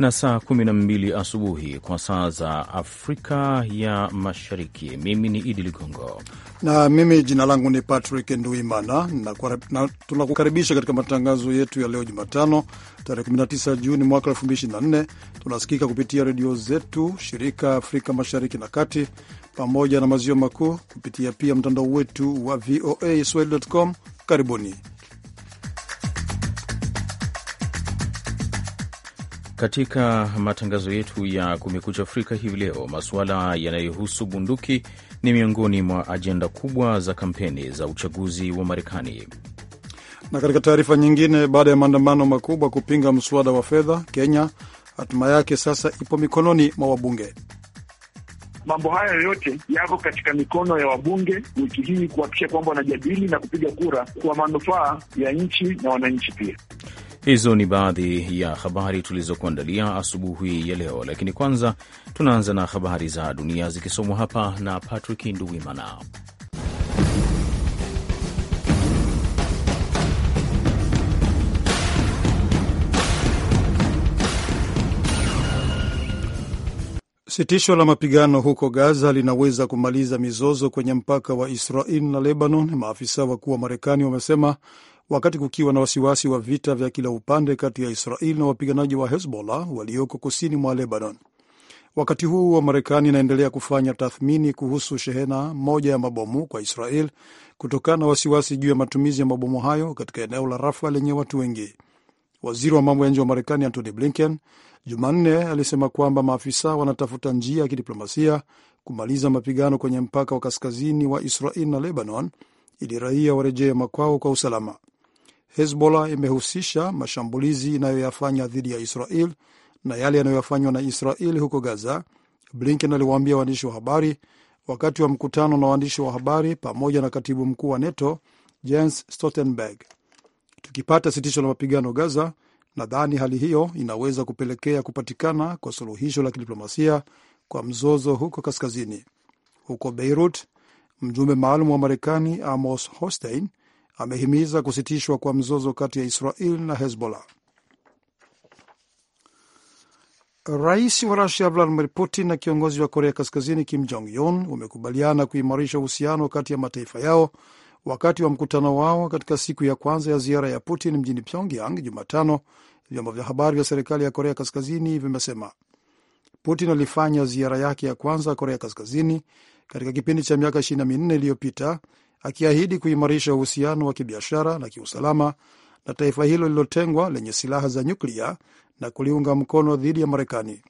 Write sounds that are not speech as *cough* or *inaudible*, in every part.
na saa 12 asubuhi kwa saa za Afrika ya Mashariki. Mimi ni Idi Ligongo na mimi jina langu ni Patrick Nduimana na, na tunakukaribisha katika matangazo yetu ya leo Jumatano tarehe 19 Juni mwaka 2024. Tunasikika kupitia redio zetu shirika Afrika Mashariki na Kati pamoja na maziwa makuu kupitia pia mtandao wetu wa VOA Swahili.com. Karibuni. Katika matangazo yetu ya Kumekucha Afrika hivi leo, masuala yanayohusu bunduki ni miongoni mwa ajenda kubwa za kampeni za uchaguzi wa Marekani. Na katika taarifa nyingine, baada ya maandamano makubwa kupinga mswada wa fedha, Kenya hatima yake sasa ipo mikononi mwa wabunge. Mambo hayo yote yako katika mikono ya wabunge wiki hii kuhakikisha kwamba wanajadili na kupiga kura kwa manufaa ya nchi na wananchi pia. Hizo ni baadhi ya habari tulizokuandalia asubuhi ya leo, lakini kwanza tunaanza na habari za dunia zikisomwa hapa na Patrick Nduwimana. Sitisho la mapigano huko Gaza linaweza kumaliza mizozo kwenye mpaka wa Israel na Lebanon, maafisa wakuu wa Marekani wamesema wakati kukiwa na wasiwasi wa vita vya kila upande kati ya Israel na wapiganaji wa Hezbollah walioko kusini mwa Lebanon. Wakati huu wa Marekani inaendelea kufanya tathmini kuhusu shehena moja ya mabomu kwa Israel kutokana na wasiwasi juu ya matumizi ya mabomu hayo katika eneo la Rafa lenye watu wengi. Waziri wa mambo ya nje wa Marekani Antony Blinken Jumanne alisema kwamba maafisa wanatafuta njia ya kidiplomasia kumaliza mapigano kwenye mpaka wa kaskazini wa Israel na Lebanon ili raia warejee makwao kwa usalama. Hezbollah imehusisha mashambulizi inayoyafanya dhidi ya Israel na yale yanayofanywa na Israel huko Gaza, Blinken aliwaambia waandishi wa habari wakati wa mkutano na waandishi wa habari pamoja na katibu mkuu wa NATO Jens Stoltenberg. Tukipata sitisho la mapigano Gaza, nadhani hali hiyo inaweza kupelekea kupatikana kwa suluhisho la kidiplomasia kwa mzozo huko kaskazini. Huko Beirut, mjumbe maalum wa Marekani Amos Hostein amehimiza kusitishwa kwa mzozo kati ya Israel na Hezbollah. Rais wa Rusia Vladimir Putin na kiongozi wa Korea Kaskazini Kim Jong Un wamekubaliana kuimarisha uhusiano kati ya mataifa yao wakati wa mkutano wao katika siku ya kwanza ya ziara ya Putin mjini Pyongyang Jumatano, vyombo vya habari vya serikali ya Korea Kaskazini vimesema. Putin alifanya ziara yake ya kwanza Korea Kaskazini katika kipindi cha miaka 24 iliyopita akiahidi kuimarisha uhusiano wa kibiashara na kiusalama na taifa hilo lililotengwa lenye silaha za nyuklia na kuliunga mkono dhidi ya Marekani.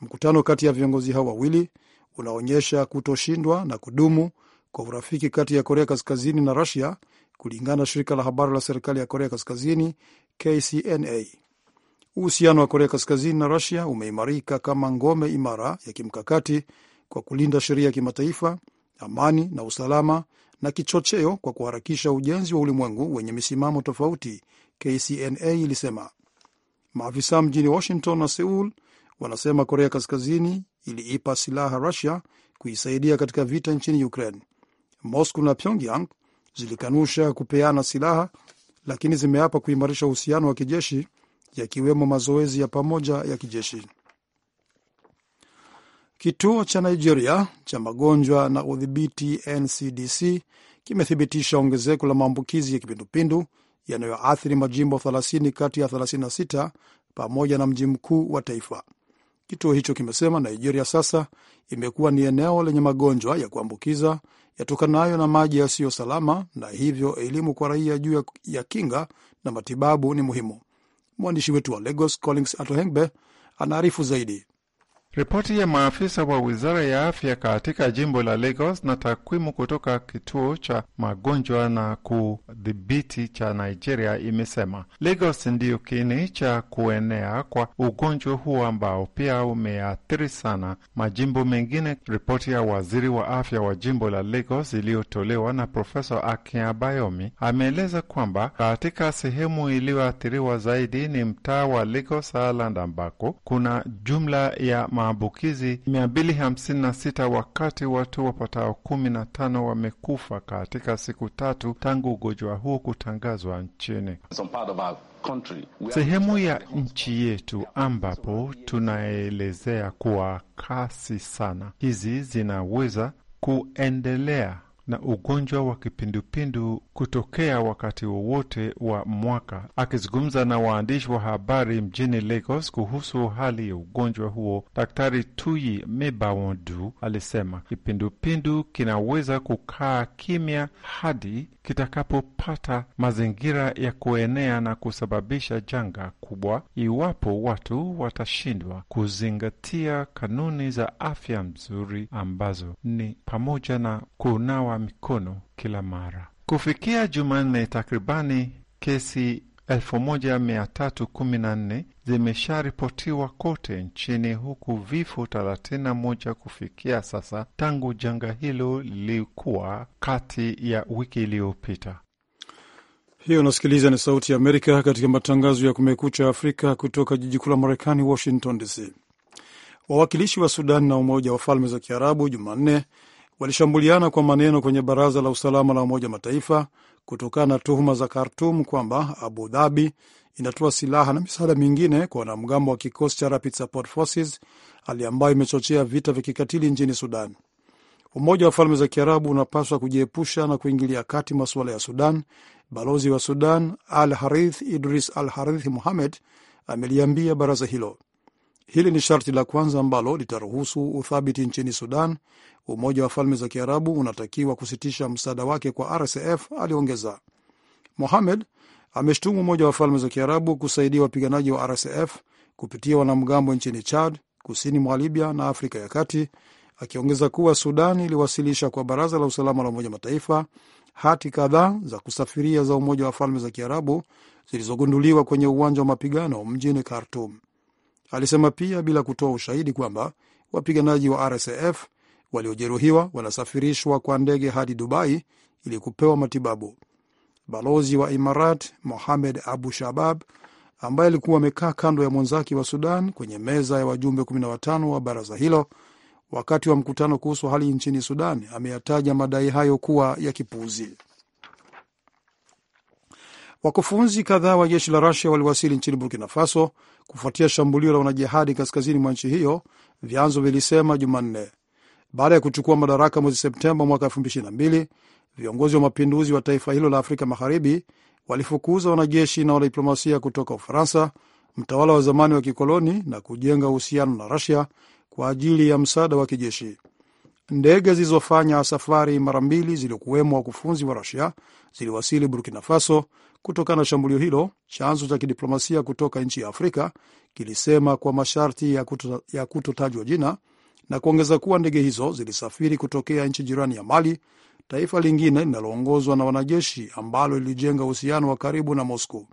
Mkutano kati ya viongozi hao wawili unaonyesha kutoshindwa na kudumu kwa urafiki kati ya Korea Kaskazini na Rusia, kulingana na shirika la habari la serikali ya Korea Kaskazini KCNA. Uhusiano wa Korea Kaskazini na Rusia umeimarika kama ngome imara ya kimkakati kwa kulinda sheria ya kimataifa, amani na usalama na kichocheo kwa kuharakisha ujenzi wa ulimwengu wenye misimamo tofauti, KCNA ilisema. Maafisa mjini Washington na Seul wanasema Korea Kaskazini iliipa silaha Rusia kuisaidia katika vita nchini Ukraine. moscu na Pyongyang zilikanusha kupeana silaha, lakini zimeapa kuimarisha uhusiano wa kijeshi, yakiwemo mazoezi ya pamoja ya kijeshi. Kituo cha Nigeria cha magonjwa na udhibiti NCDC kimethibitisha ongezeko la maambukizi ya kipindupindu yanayoathiri majimbo 30 kati ya 36 pamoja na mji mkuu wa taifa. Kituo hicho kimesema Nigeria sasa imekuwa ni eneo lenye magonjwa ya kuambukiza yatokanayo na maji yasiyo salama, na hivyo elimu kwa raia juu ya kinga na matibabu ni muhimu. Mwandishi wetu wa Lagos Collins Atohengbe anaarifu zaidi. Ripoti ya maafisa wa wizara ya afya katika jimbo la Lagos na takwimu kutoka kituo cha magonjwa na kudhibiti cha Nigeria imesema Lagos ndiyo kiini cha kuenea kwa ugonjwa huo ambao pia umeathiri sana majimbo mengine. Ripoti ya waziri wa afya wa jimbo la Lagos iliyotolewa na Profesa Akinbayomi ameeleza kwamba katika sehemu iliyoathiriwa zaidi ni mtaa wa Lagos Island ambako kuna jumla ya maambukizi 256 wakati watu wapatao 15 wamekufa katika siku tatu tangu ugonjwa huo kutangazwa nchini. Sehemu ya nchi yetu ambapo tunaelezea kuwa kasi sana hizi zinaweza kuendelea na ugonjwa wa kipindupindu kutokea wakati wowote wa mwaka. Akizungumza na waandishi wa habari mjini Lagos kuhusu hali ya ugonjwa huo, Daktari Tuyi Mebawondu alisema kipindupindu kinaweza kukaa kimya hadi kitakapopata mazingira ya kuenea na kusababisha janga kubwa iwapo watu watashindwa kuzingatia kanuni za afya mzuri ambazo ni pamoja na kunawa mikono kila mara. Kufikia Jumanne, takribani kesi 1314 zimesharipotiwa kote nchini huku vifo 31 kufikia sasa tangu janga hilo lilikuwa kati ya wiki iliyopita. Hiyo unasikiliza ni Sauti ya Amerika katika matangazo ya Kumekucha Afrika kutoka jiji kuu la Marekani, Washington DC. Wawakilishi wa Sudan na Umoja wa Falme za Kiarabu Jumanne walishambuliana kwa maneno kwenye Baraza la Usalama la Umoja Mataifa kutokana na tuhuma za Khartum kwamba Abu Dhabi inatoa silaha na misaada mingine kwa wanamgambo wa kikosi cha Rapid Support Forces, hali ambayo imechochea vita vya kikatili nchini Sudan. Umoja wa Falme za Kiarabu unapaswa kujiepusha na kuingilia kati masuala ya Sudan. Balozi wa Sudan Al Harith Idris Al Harith Muhamed ameliambia baraza hilo. Hili ni sharti la kwanza ambalo litaruhusu uthabiti nchini Sudan. Umoja wa Falme za Kiarabu unatakiwa kusitisha msaada wake kwa RSF, aliongeza. Mohamed ameshtumu Umoja wa Falme za Kiarabu kusaidia wapiganaji wa RSF kupitia wanamgambo nchini Chad, kusini mwa Libya na Afrika ya Kati, akiongeza kuwa Sudan iliwasilisha kwa Baraza la Usalama la Umoja Mataifa hati kadhaa za kusafiria za Umoja wa Falme za Kiarabu zilizogunduliwa kwenye uwanja wa mapigano mjini Khartum. Alisema pia bila kutoa ushahidi kwamba wapiganaji wa RSF waliojeruhiwa wanasafirishwa kwa ndege hadi Dubai ili kupewa matibabu. Balozi wa Imarat Mohamed Abu Shabab, ambaye alikuwa amekaa kando ya mwenzake wa Sudan kwenye meza ya wajumbe 15 wa baraza hilo wakati wa mkutano kuhusu hali nchini Sudan, ameyataja madai hayo kuwa ya kipuuzi. Wakufunzi kadhaa wa jeshi la Rusia waliwasili nchini Burkina Faso kufuatia shambulio la wanajihadi kaskazini mwa nchi hiyo, vyanzo vilisema Jumanne. Baada ya kuchukua madaraka mwezi Septemba mwaka 2022 viongozi wa mapinduzi wa taifa hilo la Afrika Magharibi walifukuza wanajeshi na wanadiplomasia kutoka Ufaransa, mtawala wa zamani wa kikoloni, na kujenga uhusiano na Rusia kwa ajili ya msaada wa kijeshi. Ndege zilizofanya safari mara mbili ziliokuwemwa wakufunzi wa Rusia ziliwasili Burkina Faso kutokana na shambulio hilo, chanzo cha kidiplomasia kutoka nchi ya Afrika kilisema kwa masharti ya kutotajwa jina na kuongeza kuwa ndege hizo zilisafiri kutokea nchi jirani ya Mali, taifa lingine linaloongozwa na wanajeshi ambalo lilijenga uhusiano wa karibu na Moscow.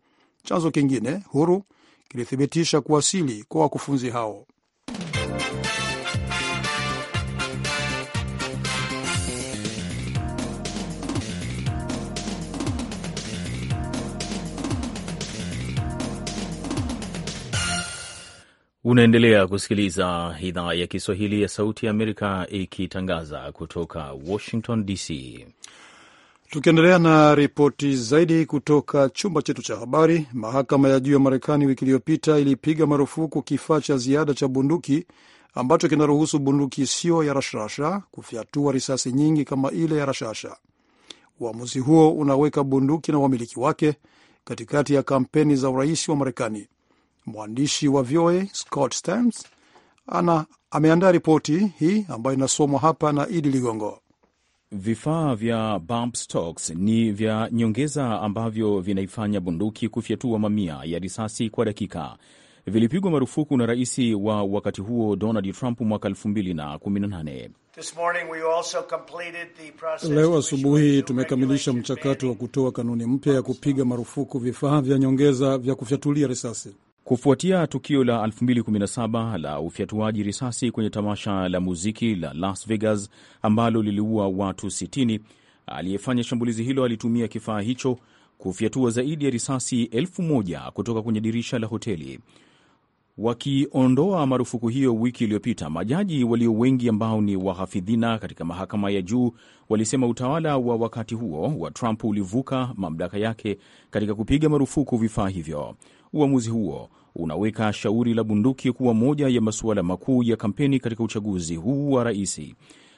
Chanzo kingine huru kilithibitisha kuwasili kwa wakufunzi hao. Unaendelea kusikiliza idhaa ya Kiswahili ya Sauti ya Amerika ikitangaza kutoka Washington DC. Tukiendelea na ripoti zaidi kutoka chumba chetu cha habari, mahakama ya juu ya Marekani wiki iliyopita ilipiga marufuku kifaa cha ziada cha bunduki ambacho kinaruhusu bunduki isiyo ya rasharasha kufyatua risasi nyingi kama ile ya rashasha. Uamuzi huo unaweka bunduki na wamiliki wake katikati ya kampeni za urais wa Marekani. Mwandishi wa VOA Scott Stearns ana ameandaa ripoti hii ambayo inasomwa hapa na Idi Ligongo. Vifaa vya bump stocks ni vya nyongeza ambavyo vinaifanya bunduki kufyatua mamia ya risasi kwa dakika. Vilipigwa marufuku na rais wa wakati huo Donald Trump mwaka 2018. Leo asubuhi tumekamilisha mchakato wa kutoa kanuni mpya ya kupiga marufuku vifaa vya nyongeza vya kufyatulia risasi. Kufuatia tukio la 2017 la ufyatuaji risasi kwenye tamasha la muziki la Las Vegas ambalo liliua watu 60, aliyefanya shambulizi hilo alitumia kifaa hicho kufyatua zaidi ya risasi elfu moja kutoka kwenye dirisha la hoteli. Wakiondoa marufuku hiyo wiki iliyopita, majaji walio wengi ambao ni wahafidhina katika mahakama ya juu walisema utawala wa wakati huo wa Trump ulivuka mamlaka yake katika kupiga marufuku vifaa hivyo. Uamuzi huo unaweka shauri la bunduki kuwa moja ya masuala makuu ya kampeni katika uchaguzi huu wa rais.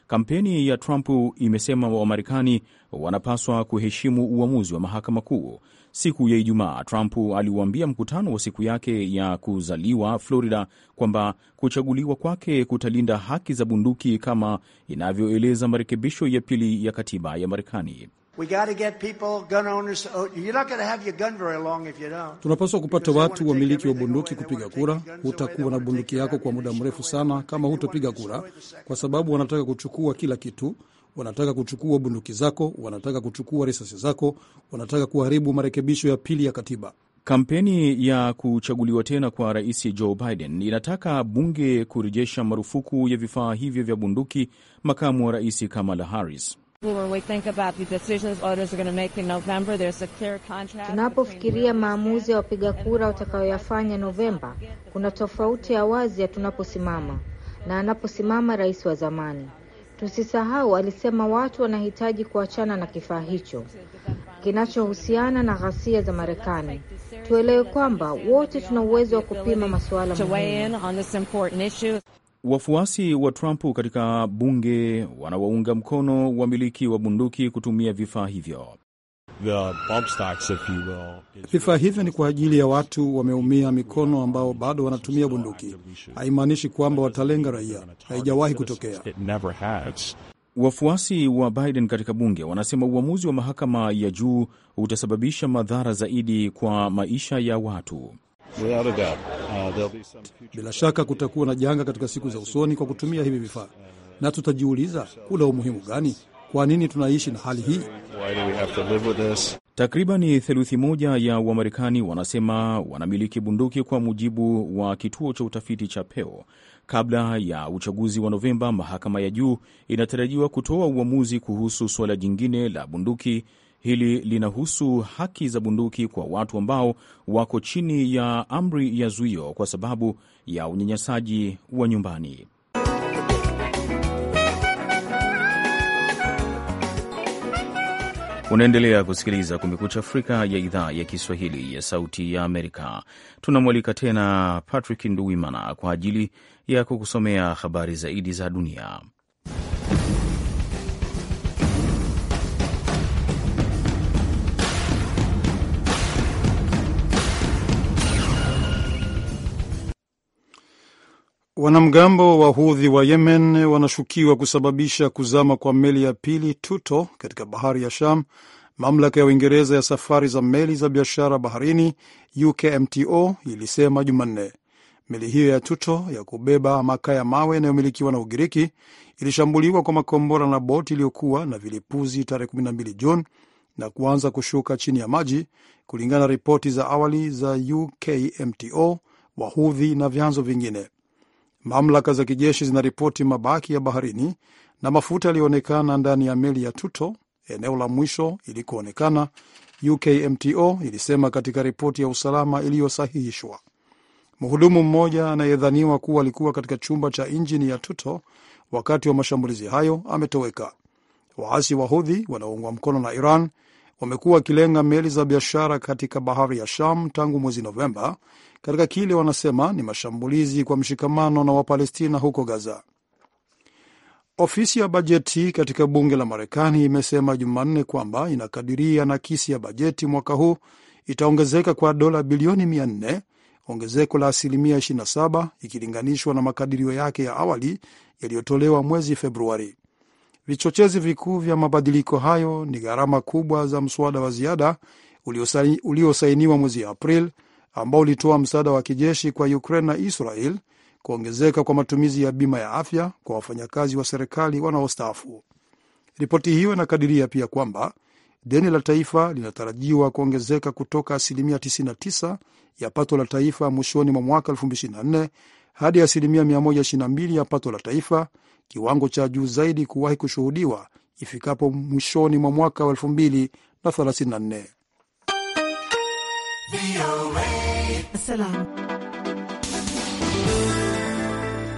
Kampeni ya Trump imesema Wamarekani wanapaswa kuheshimu uamuzi wa mahakama kuu. Siku ya Ijumaa, Trump aliuambia mkutano wa siku yake ya kuzaliwa Florida kwamba kuchaguliwa kwake kutalinda haki za bunduki kama inavyoeleza marekebisho ya pili ya katiba ya Marekani. Tunapaswa kupata watu wamiliki wa bunduki kupiga kura. Hutakuwa na bunduki yako kwa muda mrefu sana kama hutopiga kura, kwa sababu wanataka kuchukua kila kitu. Wanataka kuchukua bunduki zako, wanataka kuchukua risasi zako, wanataka kuharibu marekebisho ya pili ya katiba. Kampeni ya kuchaguliwa tena kwa rais Joe Biden inataka bunge kurejesha marufuku ya vifaa hivyo vya bunduki. Makamu wa rais Kamala Harris Tunapofikiria maamuzi ya wapiga kura watakayoyafanya Novemba, kuna tofauti ya wazi ya tunaposimama na anaposimama rais wa zamani. Tusisahau alisema watu wanahitaji kuachana na kifaa hicho kinachohusiana na ghasia za Marekani. Tuelewe kwamba wote tuna uwezo wa kupima masuala muhimu. Wafuasi wa Trump katika bunge wanawaunga mkono wamiliki wa bunduki kutumia vifaa hivyo. Vifaa hivyo ni kwa ajili ya watu wameumia mikono ambao bado wanatumia bunduki. Haimaanishi kwamba watalenga raia, haijawahi kutokea. Wafuasi wa Biden katika bunge wanasema uamuzi wa mahakama ya juu utasababisha madhara zaidi kwa maisha ya watu. Uh, Bila shaka kutakuwa na janga katika siku za usoni kwa kutumia hivi vifaa, na tutajiuliza kuna umuhimu gani? Kwa nini tunaishi na hali hii? Takribani theluthi moja ya Wamarekani wanasema wanamiliki bunduki, kwa mujibu wa kituo cha utafiti cha Pew. Kabla ya uchaguzi wa Novemba, mahakama ya juu inatarajiwa kutoa uamuzi kuhusu suala jingine la bunduki Hili linahusu haki za bunduki kwa watu ambao wako chini ya amri ya zuio kwa sababu ya unyanyasaji wa nyumbani. Unaendelea kusikiliza Kumekucha Afrika ya idhaa ya Kiswahili ya Sauti ya Amerika. Tunamwalika tena Patrick Nduwimana kwa ajili ya kukusomea habari zaidi za dunia. Wanamgambo wa Hudhi wa Yemen wanashukiwa kusababisha kuzama kwa meli ya pili Tuto katika bahari ya Sham, mamlaka ya Uingereza ya safari za meli za biashara baharini UKMTO ilisema Jumanne. Meli hiyo ya Tuto ya kubeba makaa ya mawe inayomilikiwa na Ugiriki ilishambuliwa kwa makombora na boti iliyokuwa na vilipuzi tarehe 12 Juni na kuanza kushuka chini ya maji, kulingana na ripoti za awali za UKMTO, Wahudhi na vyanzo vingine. Mamlaka za kijeshi zinaripoti mabaki ya baharini na mafuta yaliyoonekana ndani ya meli ya Tuto, eneo la mwisho ilikoonekana, UKMTO ilisema katika ripoti ya usalama iliyosahihishwa. Mhudumu mmoja anayedhaniwa kuwa alikuwa katika chumba cha injini ya Tuto wakati wa mashambulizi hayo ametoweka. Waasi wa Hudhi wanaoungwa mkono na Iran wamekuwa wakilenga meli za biashara katika bahari ya Sham tangu mwezi Novemba katika kile wanasema ni mashambulizi kwa mshikamano na Wapalestina huko Gaza. Ofisi ya bajeti katika bunge la Marekani imesema Jumanne kwamba inakadiria nakisi ya bajeti mwaka huu itaongezeka kwa dola bilioni 400, ongezeko la asilimia 27 ikilinganishwa na makadirio yake ya awali yaliyotolewa mwezi Februari. Vichochezi vikuu vya mabadiliko hayo ni gharama kubwa za mswada wa ziada uliosainiwa mwezi April ambao ulitoa msaada wa kijeshi kwa Ukraine na Israel, kuongezeka kwa matumizi ya bima ya afya kwa wafanyakazi wa serikali wanaostaafu. Ripoti hiyo inakadiria pia kwamba deni la taifa linatarajiwa kuongezeka kutoka asilimia 99 ya pato la taifa mwishoni mwa mwaka 2024 hadi asilimia 122 ya pato la taifa kiwango cha juu zaidi kuwahi kushuhudiwa ifikapo mwishoni mwa mwaka wa 2034.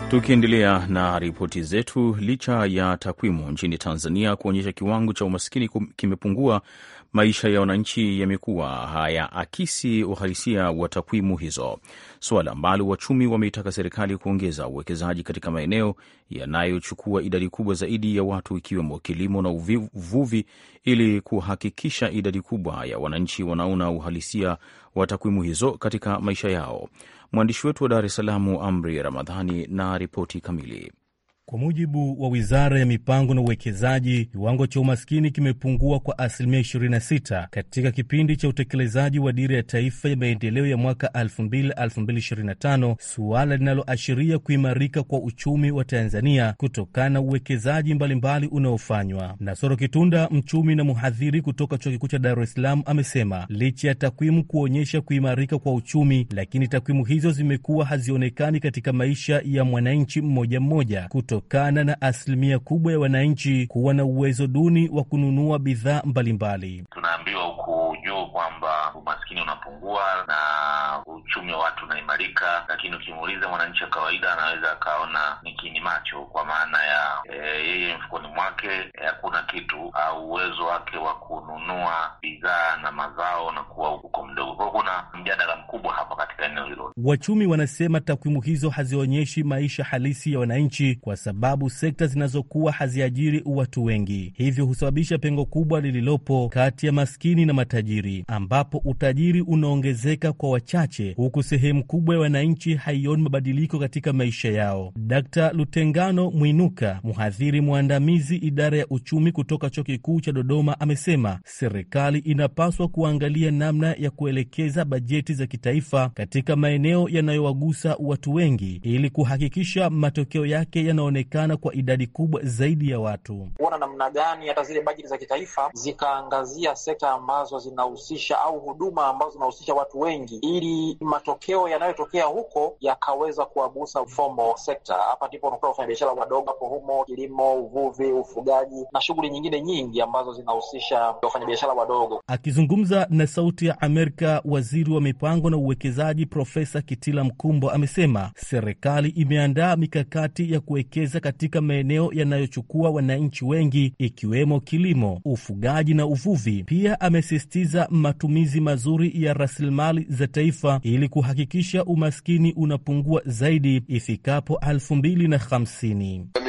Tukiendelea na ripoti zetu, licha ya takwimu nchini Tanzania kuonyesha kiwango cha umaskini kimepungua maisha ya wananchi yamekuwa hayaakisi uhalisia wa takwimu hizo, suala ambalo wachumi wameitaka serikali kuongeza uwekezaji katika maeneo yanayochukua idadi kubwa zaidi ya watu ikiwemo kilimo na uvuvi, ili kuhakikisha idadi kubwa ya wananchi wanaona uhalisia wa takwimu hizo katika maisha yao. Mwandishi wetu wa Dar es Salaam, Amri Ramadhani, na ripoti kamili. Kwa mujibu wa Wizara ya Mipango na Uwekezaji, kiwango cha umaskini kimepungua kwa asilimia 26 katika kipindi cha utekelezaji wa Dira ya Taifa ya Maendeleo ya mwaka 2000-2025, suala linaloashiria kuimarika kwa uchumi wa Tanzania kutokana na uwekezaji mbalimbali unaofanywa. Nasoro Kitunda, mchumi na mhadhiri kutoka Chuo Kikuu cha Dar es Salaam, amesema licha ya takwimu kuonyesha kuimarika kwa uchumi, lakini takwimu hizo zimekuwa hazionekani katika maisha ya mwananchi mmoja mmoja kuto kutokana na asilimia kubwa ya wananchi kuwa na uwezo duni wa kununua bidhaa mbalimbali. Tunaambiwa huku kwamba umaskini unapungua na uchumi wa watu unaimarika, lakini ukimuuliza mwananchi wa kawaida anaweza akaona ni kini macho, kwa maana ya e, yeye mfukoni mwake e, hakuna e, kitu au uwezo wake wa kununua bidhaa na mazao na kuwa uko mdogo. Kwao kuna mjadala mkubwa hapa katika eneo hilo. Wachumi wanasema takwimu hizo hazionyeshi maisha halisi ya wananchi, kwa sababu sekta zinazokuwa haziajiri watu wengi, hivyo husababisha pengo kubwa lililopo kati ya maskini na matajiri utajiri, ambapo utajiri unaongezeka kwa wachache, huku sehemu kubwa ya wananchi haioni mabadiliko katika maisha yao. Dkt Lutengano Mwinuka, mhadhiri mwandamizi idara ya uchumi kutoka Chuo Kikuu cha Dodoma, amesema serikali inapaswa kuangalia namna ya kuelekeza bajeti za kitaifa katika maeneo yanayowagusa watu wengi ili kuhakikisha matokeo yake yanaonekana kwa idadi kubwa zaidi ya watu. Kuona namna gani hata zile bajeti za kitaifa zikaangazia sekta ambazo zina zinahusisha au huduma ambazo zinahusisha watu wengi, ili matokeo yanayotokea huko yakaweza kuwagusa formal sekta Hapa ndipo unakuta wafanyabiashara wadogo hapo humo, kilimo, uvuvi, ufugaji na shughuli nyingine nyingi ambazo zinahusisha wafanyabiashara wadogo. Akizungumza na Sauti ya Amerika, waziri wa mipango na uwekezaji Profesa Kitila Mkumbo amesema serikali imeandaa mikakati ya kuwekeza katika maeneo yanayochukua wananchi wengi ikiwemo kilimo, ufugaji na uvuvi. Pia amesisitiza matumizi mazuri ya rasilimali za taifa ili kuhakikisha umaskini unapungua zaidi ifikapo 2050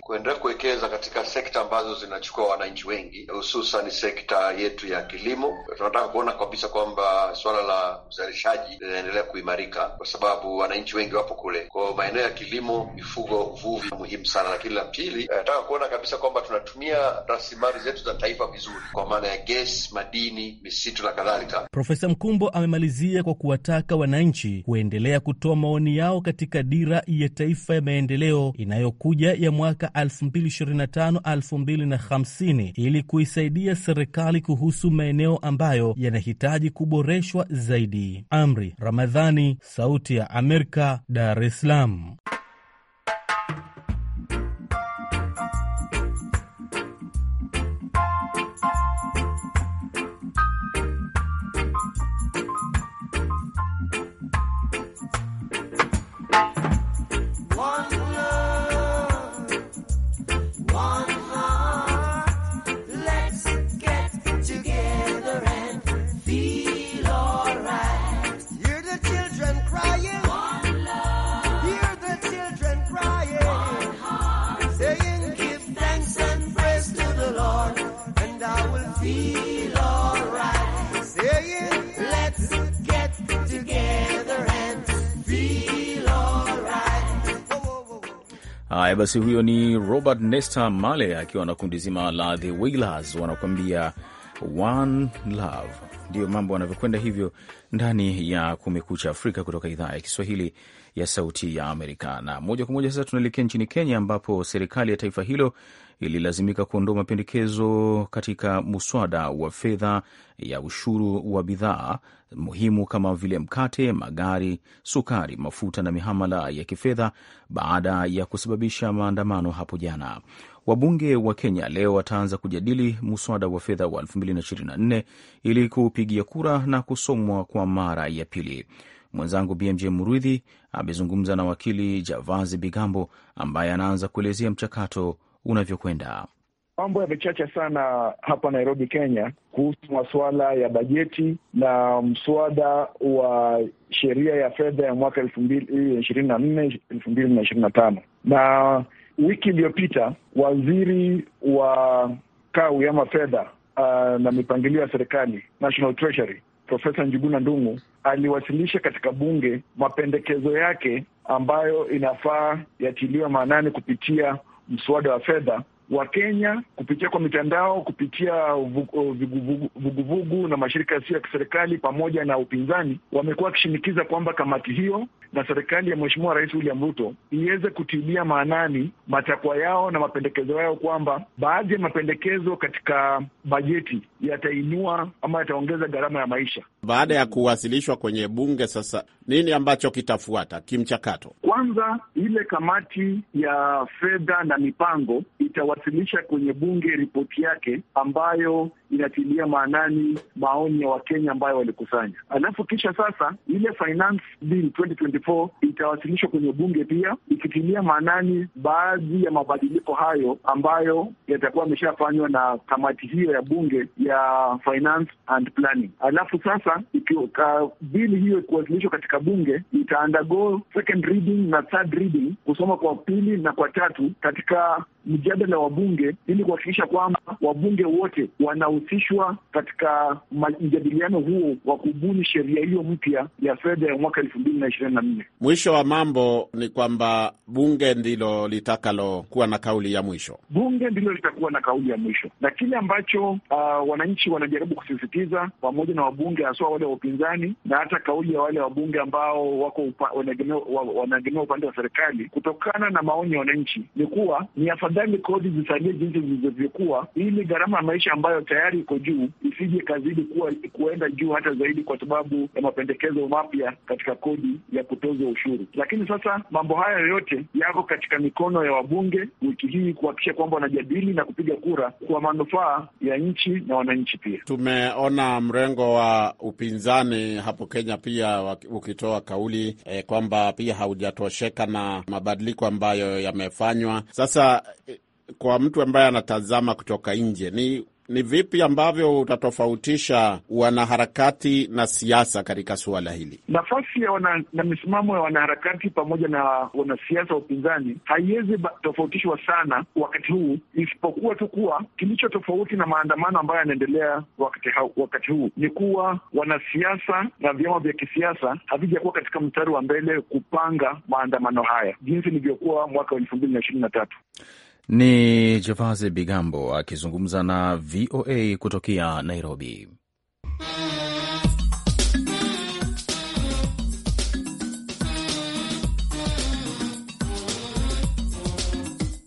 kuendelea kuwekeza katika sekta ambazo zinachukua wananchi wengi, hususan sekta yetu ya kilimo. Tunataka kuona kabisa kwamba suala la uzalishaji linaendelea kuimarika, kwa sababu wananchi wengi wapo kule ko maeneo ya kilimo, mifugo, uvuvi muhimu sana. Lakini la pili, eh, nataka kuona kabisa kwamba tunatumia rasilimali zetu za taifa vizuri, kwa maana ya gesi, madini, misitu na kadhalika. Profesa Mkumbo amemalizia kwa kuwataka wananchi kuendelea kutoa maoni yao katika dira ya taifa ya maendeleo inayokuja ya mwaka mwaka 2025-2050 ili kuisaidia serikali kuhusu maeneo ambayo yanahitaji kuboreshwa zaidi. Amri Ramadhani, Sauti ya Amerika, Dar es Salaam. Basi huyo ni Robert Nesta Male akiwa na kundi zima la The Wailers wanakuambia One Love. Ndiyo mambo yanavyokwenda hivyo ndani ya Kumekucha Afrika kutoka idhaa ya Kiswahili ya Sauti ya Amerika. Na moja kwa moja sasa tunaelekea nchini Kenya, ambapo serikali ya taifa hilo ililazimika kuondoa mapendekezo katika muswada wa fedha ya ushuru wa bidhaa muhimu kama vile mkate, magari, sukari, mafuta na mihamala ya kifedha baada ya kusababisha maandamano hapo jana. Wabunge wa Kenya leo wataanza kujadili muswada wa fedha wa 2024 ili kupigia kura na kusomwa kwa mara ya pili. Mwenzangu BMJ Muridhi amezungumza na wakili Javazi Bigambo ambaye anaanza kuelezea mchakato unavyokwenda. Mambo yamechacha sana hapa Nairobi, Kenya, kuhusu masuala ya bajeti na mswada wa sheria ya fedha ya mwaka elfu mbili eh, ishirini na nne elfu mbili na ishirini na tano na wiki iliyopita waziri wa kawi ama fedha uh, na mipangilio ya serikali National Treasury Profesa Njuguna Ndung'u aliwasilisha katika bunge mapendekezo yake ambayo inafaa yatiliwe maanani kupitia mswada wa fedha. Wakenya kupitia kwa mitandao, kupitia vuguvugu na mashirika yasiyo ya kiserikali pamoja na upinzani, wamekuwa wakishinikiza kwamba kamati hiyo na serikali ya Mheshimiwa Rais William Ruto iweze kutilia maanani matakwa yao na mapendekezo yao, kwamba baadhi ya mapendekezo katika bajeti yatainua ama yataongeza gharama ya maisha. Baada ya kuwasilishwa kwenye bunge, sasa nini ambacho kitafuata kimchakato? Kwanza ile kamati ya fedha na mipango itawasilisha kwenye bunge ripoti yake ambayo inatilia maanani maoni ya Wakenya ambayo walikusanya, alafu kisha sasa ile finance bill 2024 itawasilishwa kwenye bunge pia ikitilia maanani baadhi ya mabadiliko hayo ambayo yatakuwa yameshafanywa na kamati hiyo ya bunge ya finance and planning. Alafu sasa sasa bili hiyo kuwasilishwa katika bunge ita second reading na third reading, kusoma kwa pili na kwa tatu katika mjadala wa bunge ili kuhakikisha kwamba wabunge wote wanahusishwa katika mjadiliano huo wa kubuni sheria hiyo mpya ya fedha ya mwaka elfu mbili na ishirini na nne. Mwisho wa mambo ni kwamba bunge ndilo litakalokuwa na kauli ya mwisho. Bunge ndilo litakuwa na kauli ya mwisho, na kile ambacho uh, wananchi wanajaribu kusisitiza pamoja na wabunge haswa wale wa upinzani na hata kauli ya wale wabunge ambao wako wanaegemea upande wa serikali, kutokana na maoni ya wananchi ni kuwa ni afadhali kodi zisalie jinsi zilivyokuwa, ili gharama ya maisha ambayo tayari iko juu isije kazidi kuwa kuenda juu hata zaidi, kwa sababu ya mapendekezo mapya katika kodi ya kutozwa ushuru. Lakini sasa mambo haya yote yako katika mikono ya wabunge wiki hii kuhakikisha kwamba wanajadili na kupiga kura kwa manufaa ya nchi na wananchi. Pia tumeona mrengo wa upinzani hapo Kenya pia ukitoa kauli eh, kwamba pia haujatosheka na mabadiliko ambayo yamefanywa sasa kwa mtu ambaye anatazama kutoka nje ni ni vipi ambavyo utatofautisha wanaharakati na siasa katika suala hili? Nafasi ya wana, na misimamo ya wanaharakati pamoja na wanasiasa wa upinzani haiwezi tofautishwa sana wakati huu, isipokuwa tu kuwa kilicho tofauti na maandamano ambayo yanaendelea wakati, wakati huu ni kuwa wanasiasa na vyama vya kisiasa havijakuwa katika mstari wa mbele kupanga maandamano haya jinsi ilivyokuwa mwaka wa elfu mbili na ishirini na tatu. Ni jevaze Bigambo akizungumza na VOA kutokea Nairobi.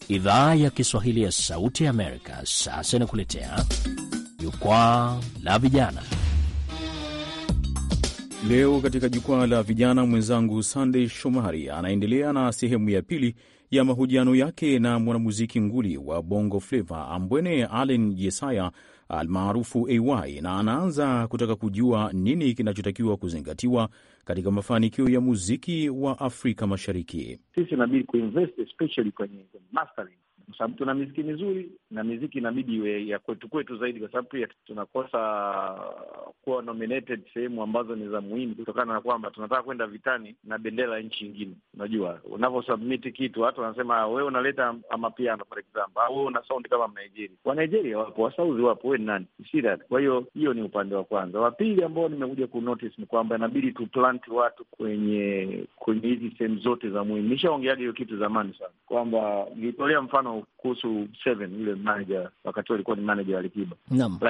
Idhaa ya Kiswahili ya Sauti ya Amerika sasa inakuletea Jukwaa la Vijana. Leo katika Jukwaa la Vijana, mwenzangu Sandey Shomari anaendelea na sehemu ya pili ya mahojiano yake na mwanamuziki nguli wa Bongo Flava Ambwene Allen Yesaya almaarufu AY, na anaanza kutaka kujua nini kinachotakiwa kuzingatiwa katika mafanikio ya muziki wa Afrika Mashariki. Sisi inabidi kuinvest especially kwenye mastering kwa sababu tuna miziki mizuri na miziki inabidi iwe ya kwetu kwetu zaidi, kwa sababu pia tunakosa kuwa nominated sehemu ambazo ni za muhimu, kutokana na kwamba tunataka kwenda vitani na bendera ya nchi nyingine. Unajua, unavyosubmiti kitu watu wanasema ah, wewe unaleta amapiano for example, au ah, wewe una saundi kama Mnigeria. Wanigeria wapo, wasauzi wapo, we ni nani? Kwa hiyo hiyo ni upande wa kwanza. Wa pili ambao nimekuja kunotice ni kwamba inabidi tuplant watu kwenye kwenye hizi sehemu zote za muhimu. Nishaongeaga hiyo kitu zamani sana kwamba nilitolea mfano mfano kuhusu Seven, yule manager wakati alikuwa ni manager wa Alikiba,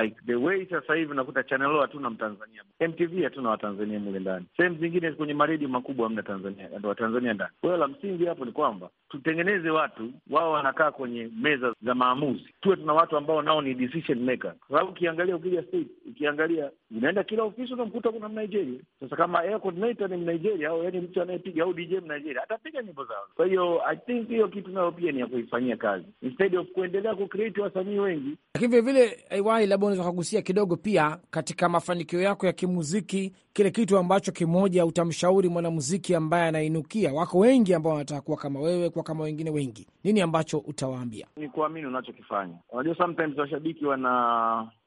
like the way sasa hivi unakuta channel hatuna Mtanzania, MTV hatuna Watanzania mule ndani, sehemu zingine kwenye maredio makubwa hamna Tanzania, Watanzania ndani. Kwa hiyo la msingi hapo ni kwamba tutengeneze watu wao wanakaa kwenye meza za maamuzi, tuwe tuna watu ambao nao ni decision maker, kwa sababu ukiangalia, ukija state, ukiangalia unaenda kila ofisi unamkuta kuna Mnigeria. Sasa kama air coordinator ni Mnigeria au yani mtu anayepiga au DJ Mnigeria atapiga nyimbo zao. Kwa hiyo I think hiyo kitu nayo pia ni ya kuifanyia kazi kazi, instead of kuendelea kucreate wasanii wengi. Lakini vilevile aiwahi, labda unaweza kugusia kidogo pia katika mafanikio yako ya kimuziki, kile kitu ambacho kimoja utamshauri mwanamuziki ambaye anainukia, wako wengi ambao wanataka kuwa kama wewe, kuwa kama wengine wengi, nini ambacho utawaambia? Ni kuamini unachokifanya. Unajua, sometimes washabiki wana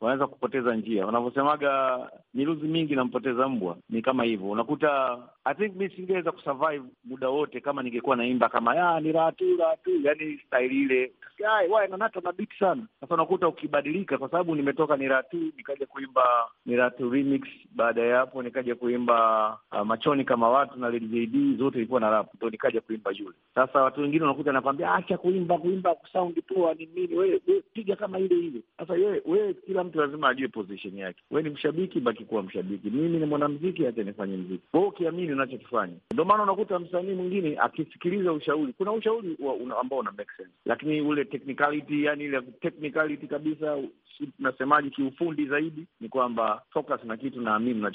wanaweza kupoteza njia, wanavyosemaga miluzi mingi nampoteza mbwa, ni kama hivyo. Unakuta I think mi singeweza kusurvive muda wote kama ningekuwa naimba kama ya ah, ni ratu ratu, yani staili ile vile sana. Sasa unakuta ukibadilika, kwa sababu nimetoka Niratu nikaja kuimba Niratu remix, baada ya hapo nikaja kuimba uh, machoni kama watu na Lady zote ilikuwa na rap, ndo nikaja kuimba yule. Sasa watu wengine unakuta nakwambia ah, acha kuimba kuimba kusaundi poa ni nini, wewe we, piga kama ile ile. Sasa wewe we, kila mtu lazima ajue position yake. We ni mshabiki, baki kuwa mshabiki. Mimi ni mwanamziki, acha nifanye mziki. Wewe ukiamini unachokifanya, ndo maana unakuta msanii mwingine akisikiliza ushauri, kuna ushauri ambao una make sense lakini rasmi, ule technicality, yani ile technicality kabisa tunasemaji kiufundi zaidi ni kwamba focus na kitu na amini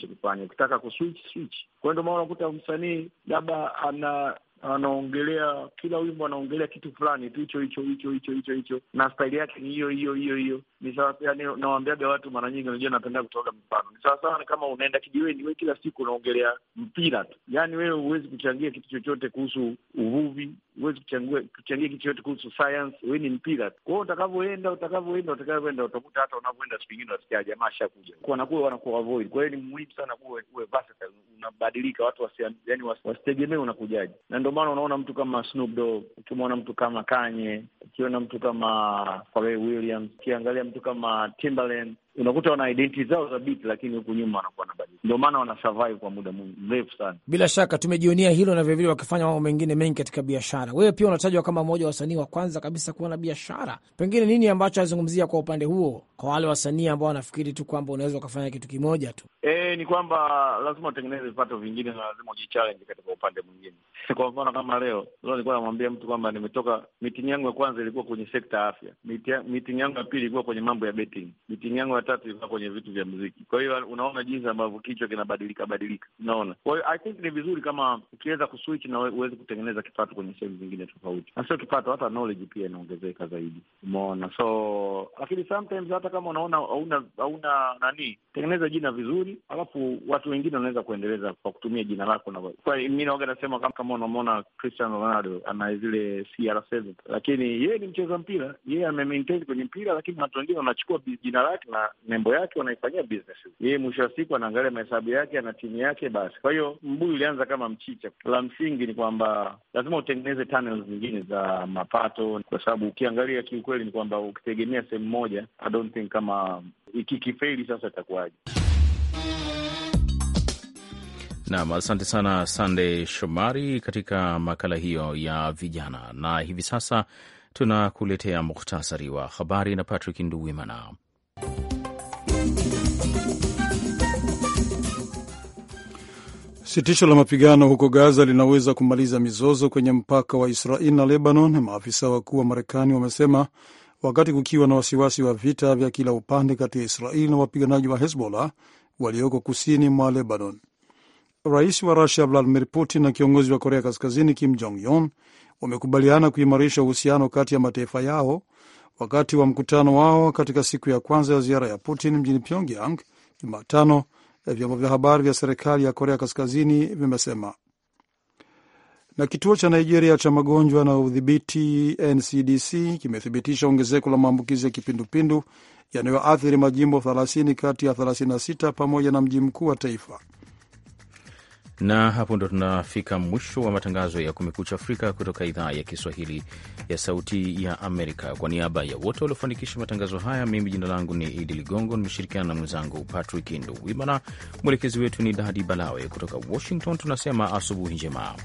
Ukitaka kuswitch switch. Kwa hiyo ndio maana unakuta msanii labda ana anaongelea kila wimbo anaongelea kitu fulani tu hicho hicho hicho hicho hicho hicho, na staili yake ni hiyo hiyo hiyo hiyo. Ni sawa, yani nawaambiaga watu mara nyingi, najua napenda kutoka mfano, ni sawa sawa kama unaenda kijiweni, we kila siku unaongelea mpira tu, yani wewe huwezi kuchangia kitu chochote kuhusu uvuvi huwezi kuchangia kitu yote kuhusu science, we ni mpira. kwao utakavyoenda utakavyoenda utakavyoenda utakuta hata unavyoenda siku ingine unasikia jamaa ashakuja, nakuwa wanakuwa avoid. Kwa hiyo ni muhimu sana kuwe uwe versatile, unabadilika, watu wasi, yani wasitegemee unakujaje, na ndio maana unaona mtu kama Snoop Dogg, ukimwona mtu kama Kanye, ukiona mtu kama Pharrell Williams, ukiangalia mtu kama Timberland unakuta wana identity zao thabiti, lakini huku nyuma wanakuwa na bajeti, ndio maana wana survive kwa muda mrefu sana. Bila shaka tumejionia hilo, na vilevile wakifanya mambo mengine mengi katika biashara. Wewe pia unatajwa kama mmoja wa wasanii wa kwanza kabisa kuwa na biashara. Pengine nini ambacho anazungumzia kwa upande huo, kwa wale wasanii ambao wanafikiri tu kwamba unaweza ukafanya kitu kimoja tu? E, ni kwamba lazima utengeneze vipato vingine na lazima ujichallenge katika upande mwingine. *laughs* Kwa mfano kama leo leo nilikuwa namwambia mtu kwamba nimetoka, meeting yangu ya kwanza ilikuwa kwenye sekta ya afya, meeting yangu ya pili ilikuwa kwenye mambo ya betting, meeting yangu tatu ilikuwa kwenye vitu vya muziki. Kwa hiyo unaona jinsi ambavyo kichwa kinabadilika badilika, unaona. Kwa hiyo I think ni vizuri kama ukiweza kuswitch na uweze kutengeneza kipato kwenye sehemu zingine tofauti, na sio kipato, hata knowledge pia inaongezeka zaidi, umeona. So lakini sometimes hata kama unaona hauna hauna nani, tengeneza jina vizuri, alafu watu wengine wanaweza kuendeleza kwa kutumia jina lako. Na kwa mimi naoga nasema kama, kama unamwona Cristiano Ronaldo ana zile CR7 lakini yeye ni mcheza mpira, yeye amemaintain kwenye mpira, lakini watu wengine wanachukua jina lake na membo yake wanaifanyia business. Yeye mwisho wa siku anaangalia mahesabu yake, ana timu yake basi. Kwa hiyo mbuyu ulianza kama mchicha. La msingi ni kwamba lazima utengeneze tunnels nyingine za mapato, kwa sababu ukiangalia kiukweli ni kwamba ukitegemea sehemu moja, I don't think kama ikikifeli sasa itakuwaje? Nam, asante sana Sande Shomari katika makala hiyo ya vijana. Na hivi sasa tunakuletea muhtasari wa habari na Patrick Nduwimana. Sitisho la mapigano huko Gaza linaweza kumaliza mizozo kwenye mpaka wa Israel na Lebanon, maafisa wakuu wa Marekani wamesema, wakati kukiwa na wasiwasi wa vita vya kila upande kati ya Israel na wapiganaji wa Hezbollah walioko kusini mwa Lebanon. Rais wa Rusia Vladimir Putin na kiongozi wa Korea Kaskazini Kim Jong Un wamekubaliana kuimarisha uhusiano kati ya mataifa yao wakati wa mkutano wao katika siku ya kwanza ya ziara ya Putin mjini Pyongyang Jumatano vyombo vya habari vya serikali ya Korea Kaskazini vimesema. Na kituo cha Nigeria cha magonjwa na udhibiti NCDC kimethibitisha ongezeko la maambukizi ya kipindupindu yanayoathiri majimbo 30 kati ya 36 pamoja na mji mkuu wa taifa. Na hapo ndo tunafika mwisho wa matangazo ya Kumekucha Afrika kutoka idhaa ya Kiswahili ya Sauti ya Amerika. Kwa niaba ya wote waliofanikisha matangazo haya, mimi jina langu ni Idi Ligongo, nimeshirikiana na mwenzangu Patrick Nduwimana. Mwelekezi wetu ni Dadi Balawe. Kutoka Washington tunasema asubuhi njema.